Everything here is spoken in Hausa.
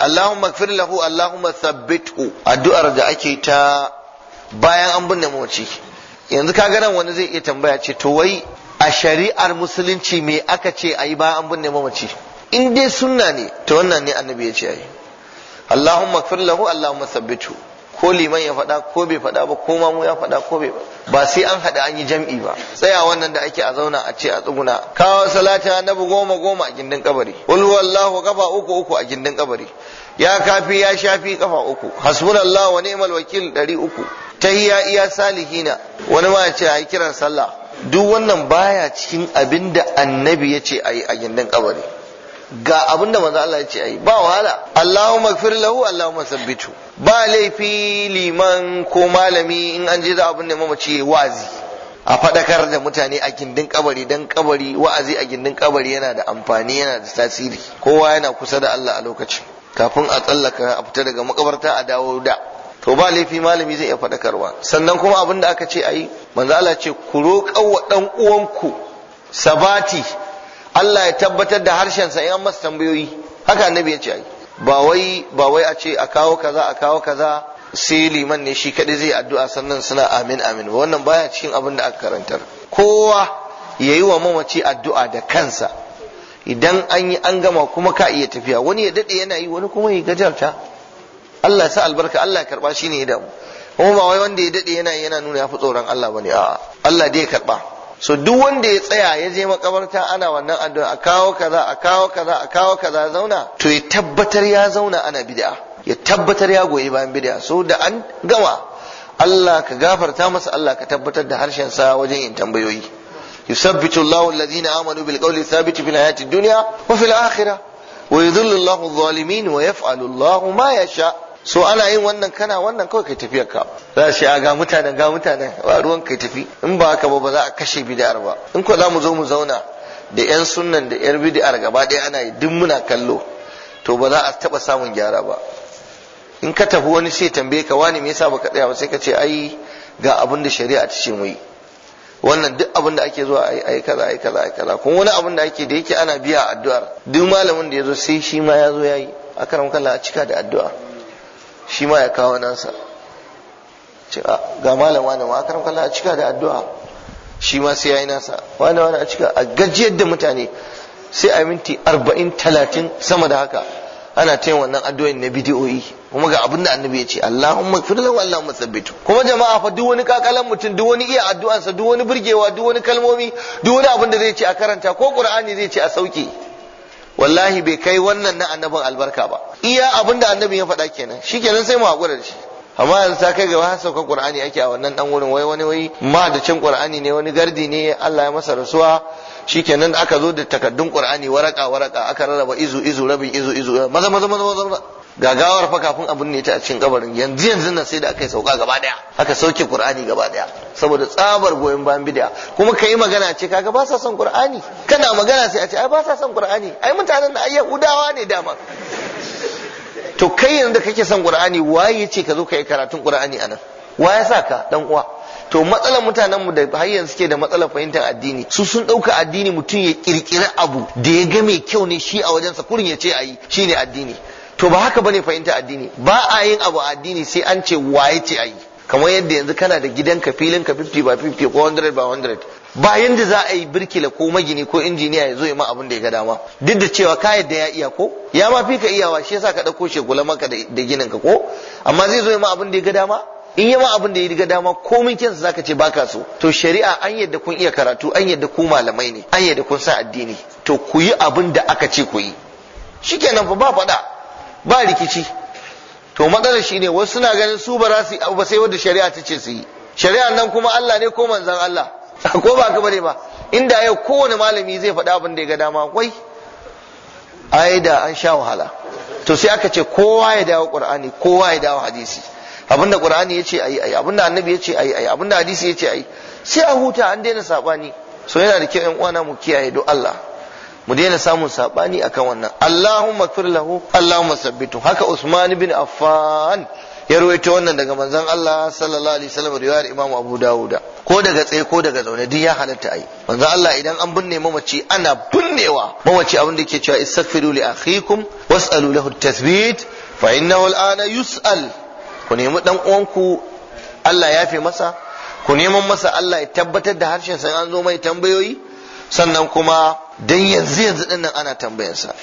Allahumma gfir lahu Allahumma thabbithu addu'ar da ake ta bayan an binne mawaci yanzu ka nan wani zai iya tambaya ce to wai a shari'ar musulunci me aka ce ayi bayan an binne mawaci in dai sunna ne to wannan ne annabi ya ce ayi Allahumma gfir lahu Allahumma thabbithu ko liman ya faɗa ko bai faɗa ba ko mamu ya faɗa ko bai ba sai an haɗa an yi jam'i ba tsaya wannan da ake a zauna a ce a tsuguna kawo salata annabi goma goma a gindin kabari qul wallahu kafa uku uku a gindin kabari ya kafi ya shafi kafa uku hasbunallahu wa ni'mal wakil ɗari uku ya iya salihina wani ma ya ce a kiran sallah duk wannan baya cikin abinda annabi ya ce a yi a gindin kabari ga abinda manzo Allah ya ce ai ba wahala Allahumma gfir lahu Allahumma sabbitu ba laifi liman ko malami in an je za abin da mamaci ce wazi a fadakar da mutane a gindin kabari dan kabari wa'azi a gindin kabari yana da amfani yana da tasiri kowa yana kusa da Allah a lokacin kafin a tsallaka a fita daga makabarta a dawo da to ba laifi malami zai iya fadakarwa sannan kuma abin da aka ce ayi manzo Allah ce ku roƙa wa dan uwanku sabati Allah ya tabbatar da harshensa in an masa tambayoyi haka annabi ya ce ai ba wai ba wai a ce a kawo kaza a kawo kaza sai liman ne shi kadai zai addu'a sannan suna amin amin wannan baya cikin abin da aka karantar kowa yayi wa mamaci addu'a da kansa idan an yi an gama kuma ka iya tafiya wani ya dade yana yi wani kuma ya gajarta Allah ya sa albarka Allah ya karba shi ne ya damu kuma ba wai wanda ya dade yana yana nuna ya fi tsoron Allah bane a'a Allah dai ya karba so duk wanda ya tsaya ya je makabarta ana wannan addu'a a kawo kaza a kawo kaza a kawo kaza zauna to ya tabbatar ya zauna ana bid'a ya tabbatar ya goyi bayan bid'a so da an gama Allah ka gafarta masa Allah ka tabbatar da harshen sa wajen yin tambayoyi yusabbitu Allahu alladhina amanu bil qawli thabit fil hayatid dunya wa fil akhirah wa yudhillu Allahu adh-dhalimin wa yaf'alu Allahu ma yasha' so ana yin wannan kana wannan kawai kai tafiyar ka za shi a ga mutanen ga mutanen ba ruwan kai tafi in ba haka ba ba za a kashe bid'ar ba in ko za mu zo mu zauna da yan sunnan da yar bid'ar gaba ɗaya ana yi duk muna kallo to ba za a taba samun gyara ba in ka tafi wani sai tambaye ka wani me yasa baka tsaya ba sai ka ce ai ga abin da shari'a ta ce mu yi wannan duk abin da ake zuwa ai ai kaza ai kaza ai kaza kuma wani abin da ake da yake ana biya addu'ar duk malamin da ya zo sai shi ma ya zo yayi akaramu kallah a cika da addu'a shi ma ya kawo nasa ga malam wani ma karam kallon a cika da addu'a shi ma sai yi nasa wani wani a cika a gajiyar da mutane sai a minti arba'in talatin sama da haka ana ta wannan addu'a na bidiyoyi kuma ga abin da annabi ya ce Allahumma kfir lahu Allahumma tsabbitu kuma jama'a fa duk wani kakalan mutum duk wani iya addu'ansa duk wani burgewa duk wani kalmomi duk wani abin da zai ce a karanta ko qur'ani zai ce a sauke wallahi bai kai wannan na annabin albarka ba iya abin da annabi ya faɗa kenan shikenan sai mu haƙura da shi amma yanzu ta kai gaba har saukan qur'ani ake a wannan dan wurin wai wani wai ma da cin qur'ani ne wani gardi ne Allah ya masa rasuwa shikenan aka zo da takaddun qur'ani waraka waraka aka rarraba izu izu rabin izu izu maza maza maza gagawar fa kafin abin ne ta a cikin kabarin yanzu yanzu na sai da aka yi sauka gaba daya aka sauke qur'ani gaba daya saboda tsabar goyon bayan bid'a kuma kai magana ce kaga ba sa son qur'ani kana magana sai a ce ai ba sa son qur'ani ai mutanen da ai yahudawa ne dama to kai yanzu da kake son qur'ani waye ce ka zo ka yi karatun qur'ani anan wa ya sa ka dan uwa to matsalar mutanen mu da har yanzu suke da matsalar fahimtar addini su sun dauka addini mutum ya kirkiri abu da ya ga mai kyau ne shi a wajensa kurin ya ce ayi shine addini to ba haka bane fahimta addini ba a yin abu addini sai an ce waye ce ayi kamar yadda yanzu kana da gidanka ka 50 ba 50 ko 100 ba 100 ba yanda za a yi birkila ko magini ko injiniya ya zo ya ma abin da ya ga dama duk da cewa ka yadda ya iya ko ya ma fi ka iyawa shi yasa ka dauko shegula maka da ginin ka ko amma zai zo ya ma abin da ya ga dama in yi ma abin da ya ga dama komin kyansa zaka ce baka so to shari'a an yadda kun iya karatu an yadda ku malamai ne an yadda kun sa addini to ku yi abin da aka ce ku yi shikenan fa ba faɗa ba rikici to matsalar shi ne wasu suna ganin su ba abu ba sai wanda shari'a ta ce su yi shari'a nan kuma Allah ne ko manzan Allah ko ba ka bane ba inda yau kowane malami zai faɗa abin da ya ga dama kwai ai da an sha wahala to sai aka ce kowa ya dawo qur'ani kowa ya dawo hadisi abinda qur'ani yace ayi ayi abinda annabi yace ayi ayi abinda hadisi yace ayi sai a huta an daina saɓani. so yana da kyau yan uwana mu kiyaye do Allah mu daina samun sabani akan wannan Allahumma kfir lahu Allahumma sabbitu haka Usman bin Affan ya rawaito wannan daga manzon Allah sallallahu alaihi wasallam riwayar Imam Abu Dawuda ko daga tsaye ko daga zaune duk ya halatta ai manzon Allah idan an binne mamaci ana binnewa mamaci abin da yake cewa istaghfiru li akhikum was'alu lahu at-tathbit fa innahu al-ana yus'al ku nemi dan uwanku Allah ya fi masa ku neman masa Allah ya tabbatar da harshen sai an zo mai tambayoyi sannan kuma dan yanzu yanzu ɗin nan ana tambayarsa